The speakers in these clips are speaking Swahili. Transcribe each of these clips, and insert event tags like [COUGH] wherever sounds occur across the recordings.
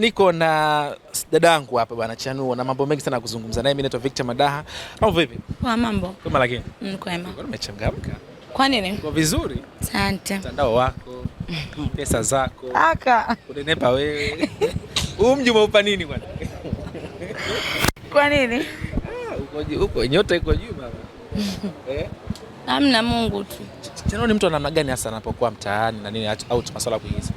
Niko na dadangu hapa bwana Chanuo na mambo mengi sana kuzungumza naye. Mimi naitwa Victor Madaha. Au vipi? Kwa mambo. Kama lakini. Mkwema. Mm, umechangamka. Kwa nini? Kwa vizuri. Asante. Mtandao wako, pesa zako. Aka. Unenepa wewe. [LAUGHS] Huu mji umeupa nini bwana? [LAUGHS] Kwa nini? Ah, uko juu, uko nyota iko juu baba. [LAUGHS] Eh? Hamna Mungu tu. Chanuo ni mtu wa namna gani hasa anapokuwa mtaani na nini au masuala ya kuigiza?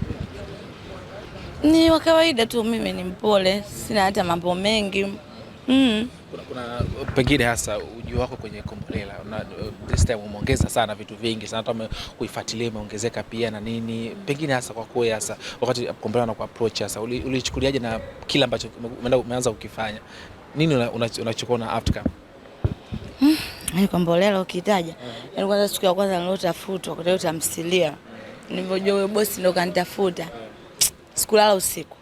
Ni wa kawaida tu, mimi ni mpole, sina hata mambo mengi mm. Kuna, kuna pengine hasa ujuo wako kwenye Kombolela una, this time umeongeza sana vitu vingi sana, hata kuifuatilia imeongezeka pia na nini, pengine hasa kwa kwako hasa wakati Kombolela na kuapproach hasa ulichukuliaje, uli na kila ambacho umeanza kukifanya nini unachukua una, una na outcome mm. Ni Kombolela ukitaja mm. yaani kwanza, siku ya kwanza nilotafutwa kwa tamthilia, nilivyojua bosi ndo kanitafuta mm sikulala usiku,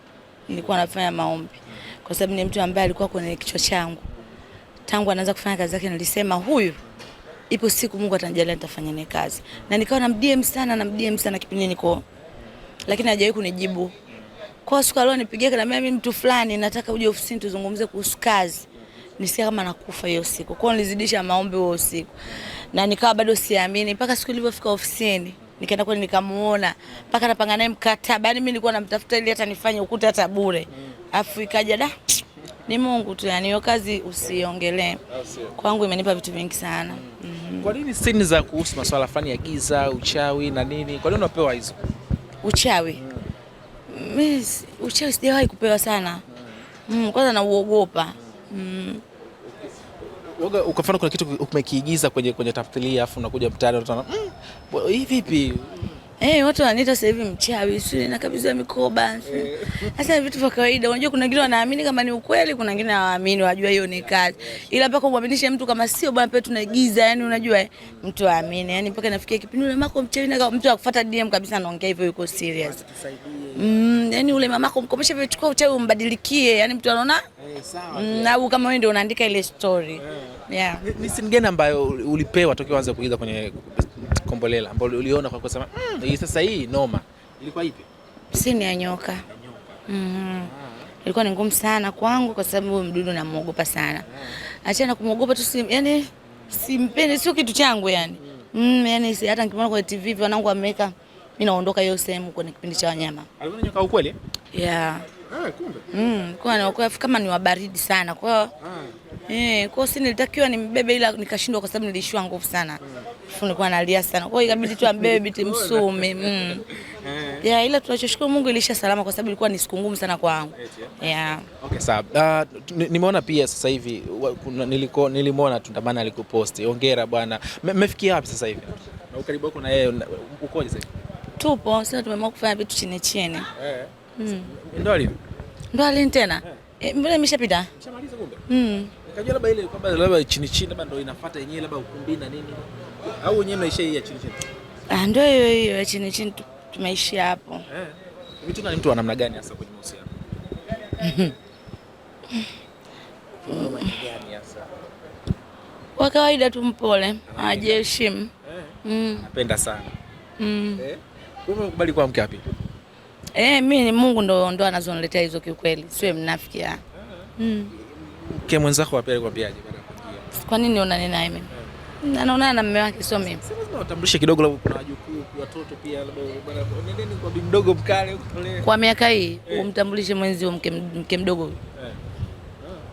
nilikuwa nafanya maombi, kwa sababu ni mtu ambaye alikuwa kwenye kichwa changu tangu anaanza kufanya kazi yake. Nilisema huyu, ipo siku Mungu atanijalia nitafanya naye kazi, na nikawa na DM sana na DM sana kipindi niko, lakini hajawahi kunijibu. Kwa siku alio nipigia kana mimi mtu fulani, nataka uje ofisini tuzungumze kuhusu kazi. Nisikia kama nakufa hiyo siku, kwa nilizidisha maombi huo usiku, na nikawa bado siamini mpaka siku nilipofika ofisini nikaenda kule nikamuona mpaka napanga naye mkataba. Yani mimi nilikuwa namtafuta ili hata nifanye ukuta hata bure, afu ikaja da ni Mungu tu, yani hiyo kazi usiongelee. Ah, Kwangu imenipa vitu vingi sana. mm -hmm. Kwa nini sini za kuhusu masuala fani ya giza, uchawi na nini, kwa nini unapewa hizo? Uchawi mimi mm. uchawi sijawahi kupewa sana. mm. mm kwanza nauogopa. mm. mm. Yoga, kwa mfano kuna kitu umekiigiza kwenye kwenye tamthilia afu unakuja mtaani watu wanaona mm, hii vipi? Eh, hey, watu wananiita sasa hivi mchawi, sio na kabisa mikoba. Sasa vitu vya kawaida. Unajua kuna wengine wanaamini kama ni ukweli, kuna wengine hawaamini, wajua hiyo ni kazi. Ila mpaka uaminishe mtu kama sio bwana pia tunaigiza, yani unajua eh, mtu aamini. Yani mpaka nafikia kipindi ule mamako mchawi na mtu akufuata DM kabisa anaongea hivyo yuko serious. Mm, yani ule mamako mkomesha vitu kwa uchawi umbadilikie, yani mtu anaona eh, sawa. Mm, Na kama wewe ndio unaandika ile story. Hey. Eh. Yeah. Ni simu gani ambayo ulipewa tokea uanze kuiga kwenye Kombolela ambayo uliona kwa kusema mm, hii sasa hii noma? Ilikuwa ipi? Simu ya nyoka. Mm. Ah. Ilikuwa ni ngumu sana kwangu kwa sababu huyo mdudu namuogopa sana. Ah. Achana kumuogopa tu si yani simpendi, sio kitu changu yani. Mm, mm yani si hata nikiona kwa TV wanangu wameka mimi naondoka hiyo sehemu kwenye kipindi cha wanyama. Alikuwa nyoka ukweli? Yeah. Ah, kumbe. Mm, kwa kama ni wabaridi sana. Kwa hiyo ah. Eh, kwa hiyo nilitakiwa nimbebe ila nikashindwa kwa sababu nilishiwa nguvu sana. Alafu nilikuwa nalia sana. Kwa hiyo ikabidi tu ambebe binti Msumi. Mm. Ya eh. Yeah, ila tunachoshukuru Mungu ilisha salama kwa sababu ilikuwa ni siku ngumu sana kwangu. Yeah. Okay, sawa. Uh, nimeona pia sasa hivi niliko nilimwona Tundamana alikuposti. Hongera bwana. Mmefikia wapi sasa hivi? Na ukaribu wako na yeye ukoje sasa hivi? Tupo, sasa tumeamua kufanya vitu chini chini. Eh. Mm. Ndo alini? Ndo alini tena? Eh. eh, mbona imeshapita? Imeshamaliza kumbe? Mm. Kajua labda ile kwamba labda chini chini labda ndio inafuata yenyewe labda ukumbi na nini. Au wenyewe maisha hii ya chini chini? Ah, ndio hiyo hiyo ya chini chini tumeishia hapo. Eh. Mitunga ni mtu wa namna gani hasa kwenye mahusiano? [LAUGHS] Kwa kawaida tu mpole, anajiheshimu. Eh. Mm. Napenda sana. Mm. Eh. Umekubali kwa mke wapi? Eh, mimi ni Mungu ndo ndo anazoniletea hizo kiukweli. Siwe mnafiki. ya. Eh. Mm. Mke mwenzako akwambiaje? Kwa nini unaenda naye mimi? Anaonana na mume wake sio mimi. Lazima utambulishe kidogo, labda kuna wajukuu, watoto pia labda nendeni kwa bibi mdogo mkale utolee. Kwa miaka hii eh. umtambulishe mwenzi mke mke mdogo. Eh.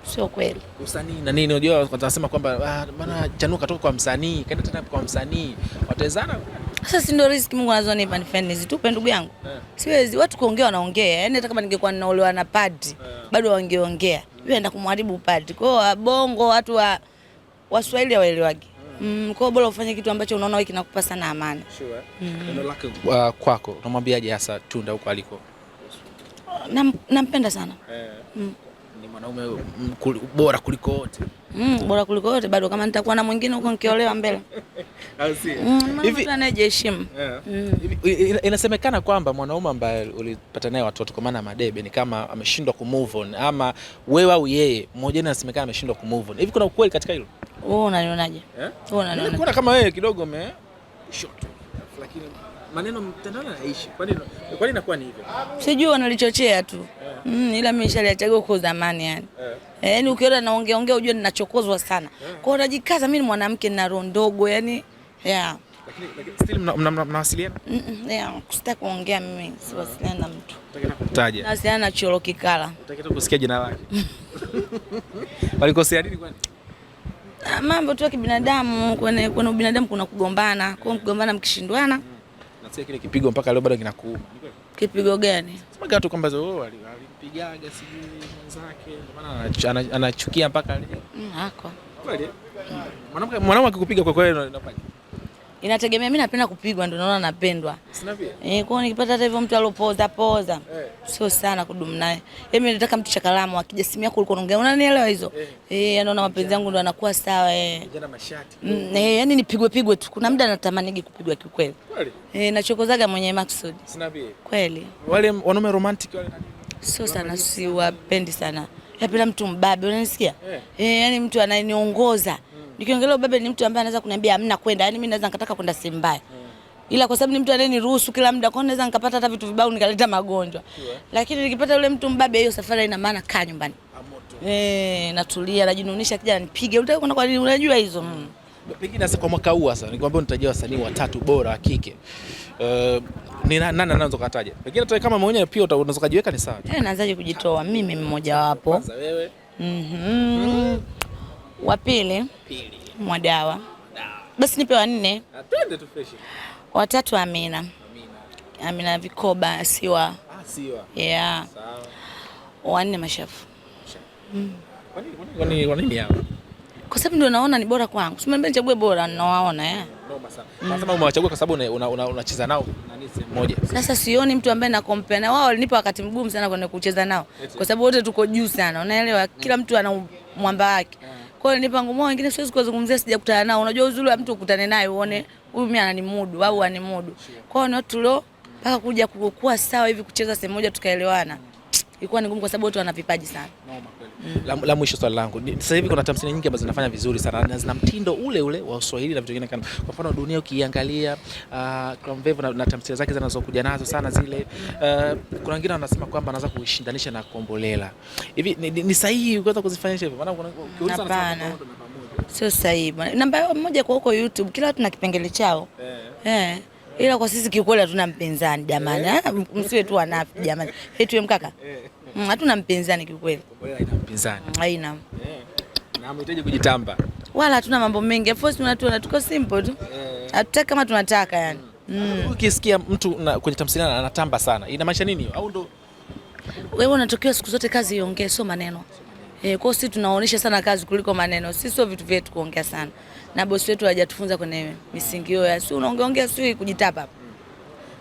Sio kweli. Usanii na nini, unajua watasema kwamba ah, bana Chanuka katoka kwa msanii, kaenda tena kwa msanii. Watezana. Sasa si ndio riziki Mungu anazonipa, nifanye nizitupe ndugu yangu. Eh. Siwezi watu kuongea wanaongea. Yaani hata kama ningekuwa ninaolewa na padri eh. bado wangeongea. Yeye anaenda kumharibu padri. Kwa hiyo wabongo ah, watu wa Waswahili hawaelewagi. Eh. Mm, kwa bora ufanye kitu ambacho unaona wewe kinakupa sana amani. Sure. Mm. uh, kwako unamwambiaje hasa Tunda huko aliko? nampenda sana. Yeah. Mm ni mwanaume bora kuliko wote mm, bora kuliko wote bado, kama nitakuwa na mwingine huko nikiolewa mbele [LAUGHS] mm, anayejiheshimu. Mm. Inasemekana kwamba mwanaume ambaye ulipata naye watoto kwa maana madebe ni kama ameshindwa move on, ama wewe au yeye mmoja, ni inasemekana ameshindwa move on. Hivi kuna ukweli katika hilo? Wewe unanionaje? Eh? Wewe Kuna kama wewe kidogo ume short lakini maneno mtandao yanaishi. Kwa nini kwa nini inakuwa ni hivyo? Sijui wanalichochea tu. Yeah. Mm, ila mimi nishaliachagua kwa zamani yani. Yeah. yani eh, ukiona naongea ongea unajua ninachokozwa sana. Yeah. Kwa hiyo najikaza mimi ni mwanamke na roho ndogo yani. Yeah. Lakini kuongea mimi siwasiliana na mtu. Nawasiliana na Cholo Kikala. [LAUGHS] [LAUGHS] Walikosea nini kwani? Ah, mambo tu ya kibinadamu, kwenye kwenye ubinadamu kuna kugombana. Kwa hiyo mkigombana mkishindwana unapitia kile kipigo mpaka leo bado kinakuuma. Kipigo gani? Sema watu kwamba wao oh, alimpigaga sijui mwenzake, maana anachukia mpaka leo. Mm, hako. Kweli? Mwanamke mwanamke akikupiga kwa kweli unafanya Inategemea, mimi napenda kupigwa, ndio naona napendwa. Eh, kwao nikipata hata hivyo mtu alopoza poza, Eh. sio sana kudumu naye. Yaani mimi nataka mtu cha kalamu, akija simu yako uliko unaongea, unanielewa hizo eh, eh anaona yaani mapenzi yangu ndio anakuwa sawa eh, Jana mashati. Mm, eh, yani nipigwe pigwe tu. Kuna muda natamani kupigwa kiukweli, eh, nachokozaga mwenye maksud. maksudi kweli. Wale wanaume romantic wale, nani? sio sana, siwapendi sana. Napenda mtu mbabe, unanisikia eh, eh yani mtu anayeniongoza Nikiongelea ubabe ni mtu ambaye anaweza kuniambia amna kwenda, yani mimi naweza nikataka kwenda sehemu mbaya ila kwa sababu ni mtu anayeniruhusu kila muda, kwa naweza nikapata hata vitu vibaya nikaleta magonjwa Chua. Lakini nikipata yule mtu mbabe, hiyo safari ina maana kaa nyumbani eh, natulia, najinunisha, kija nipige, unataka kwenda kwa nini? Unajua hizo mm. Pengine sasa kwa mwaka huu sasa nikwambia nitajia wasanii watatu bora wa kike uh, ni nani anaweza kukataja? Pengine hata kama mmoja pia unaweza kujiweka ni sawa. Eh, naanzaje kujitoa mimi mmoja wapo. Kwanza wewe. Mhm. Mm wa pili mwa dawa basi nipe wanne, ah, watatu Amina. Amina Amina Vikoba siwa, ah, siwa. Yeah. Wanne Mashafu mm. Kwa sababu ndio naona ni bora kwangu, simwambia nichague bora ninaowaona eh. Umewachagua kwa sababu unacheza nao moja. Sasa sioni mtu ambaye na compare na wao, walinipa wakati mgumu sana kwenye kucheza nao kwa sababu wote tuko juu sana, unaelewa, mm. kila mtu ana mwamba wake mm. Kwa hiyo ni pango wengine siwezi kuzungumzia, sijakutana nao. Unajua uzuri wa mtu ukutane naye uone huyu mimi ananimudu au animudu. Kwa hiyo ni watu leo mpaka kuja kukua sawa hivi kucheza sehemu moja tukaelewana ilikuwa ni ngumu kwa sababu watu wana vipaji sana. Mm. La, la mwisho swali langu. Sasa hivi kuna tamthilia nyingi ambazo zinafanya vizuri sana na zina mtindo ule ule wa Kiswahili na vitu vingine kama. Kwa mfano Dunia ukiangalia uh, Clamvevo na, na tamthilia zake zinazokuja nazo sana zile. Uh, kuna wengine wanasema kwamba anaweza kuishindanisha na Kombolela. Hivi ni, ni, ni sahihi kuweza kuzifanya hivyo? Maana kuna ukiuliza sana. Sio sahihi. Namba moja kwa huko YouTube kila watu na kipengele chao. Eh. Yeah ila kwa sisi kiukweli hatuna mpinzani jamani, eh? msiwe tu wanafi jamani, etuwe mkaka, eh. mm, hatuna mpinzani kiukweli, haina mm, eh. na mhitaji kujitamba wala hatuna mambo mengi, of course tunatuona tuko simple tu, hatutaki kama tunataka yani. Mm. Ukisikia mtu kwenye tamthilia anatamba sana, inamaanisha nini? Au ndo wewe unatokiwa siku zote kazi iongee, sio maneno. E, kwa sisi tunaonesha sana kazi kuliko maneno. Sisi sio vitu vyetu kuongea sana. Na bosi wetu hajatufunza kwenye misingi hiyo ya sio unaongea ongea si kujitapa hapa.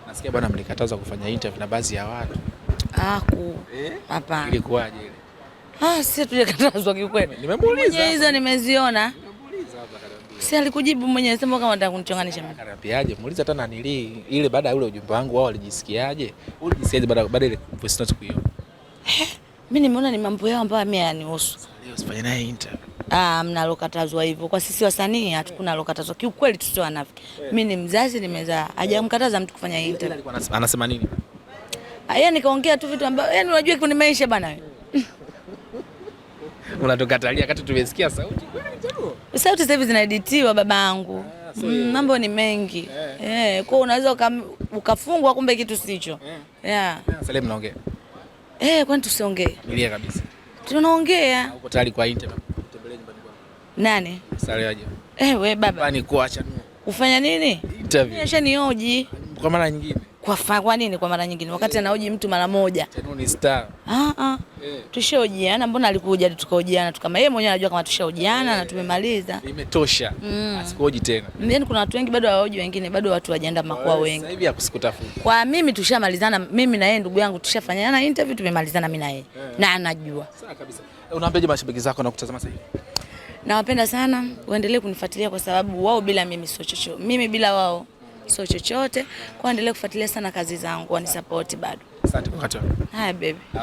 Nasikia bwana mlikatazwa kufanya interview na baadhi ya watu. Ah, ku. Eh? Hapana. Eh? Ilikuwaje ile? Ah, sisi tujakatazwa kikweli. Nimemuuliza. Mwenye Hizo nimeziona. Sisi alikujibu mwenye sema kama nataka kunichonganisha mimi. Anapiaje? Muuliza tena nili ile baada ya ule ujumbe wangu wao walijisikiaje? Ulijisikiaje baada baada ile voice note kuiona? Eh? mi nimeona ni mambo yao ambayo mimi hayanihusu. Ah, mnalokatazwa hivyo kwa sisi wasanii hatukuna yeah. lokatazwa kiukweli, tusio wanafiki. yeah. Mimi ni mzazi, nimezaa, hajamkataza mtu kufanya interview. Anasema nini? Ah, yeye nikaongea tu vitu ambavyo yani, unajua kuna maisha bana, unatukatalia [LAUGHS] kati tumesikia sauti sauti sasa hivi zinaeditiwa babangu. yeah, so mm, yeah. mambo ni mengi eh, yeah. yeah. Kwa unaweza ukafungwa kumbe kitu sicho yeah. Yeah. Yeah, Salim naongea mnaongea Eh, kwani tusiongee? Milia kabisa. Tunaongea. Uko tayari kwa interview? Kutembelea nyumbani kwangu. Nani? Sare aje. Eh, we baba. Nyumbani kuacha. Ufanya nini? Interview. Nimeshanioji. Kwa mara nyingine. Kwa, fa, kwa nini kwa mara nyingine wakati yeah. anaoji mtu mara moja star. Ah, ah. yeah. Tushaojiana, mbona alikuja tukaojiana tu kama yeye mwenyewe anajua kama tushaojiana yeah. Na tumemaliza imetosha mm. Asikoji tena yani, kuna watu wengi bado hawaoji, wengine bado watu wajaenda makoa eh, wengi sasa hivi hakusikutafuta Kwa mimi tushamalizana, mimi na yeye ndugu yangu tushafanyana interview, tumemalizana mimi na yeye yeah. Na anajua sawa kabisa. Eh, Unaambiaje mashabiki zako na kutazama sasa hivi? Nawapenda sana, uendelee kunifuatilia kwa sababu wao bila mimi sio chochote, mimi bila wao so chochote, kwa endelee kufuatilia sana kazi zangu, wanisapoti bado. Asante. Haya baby.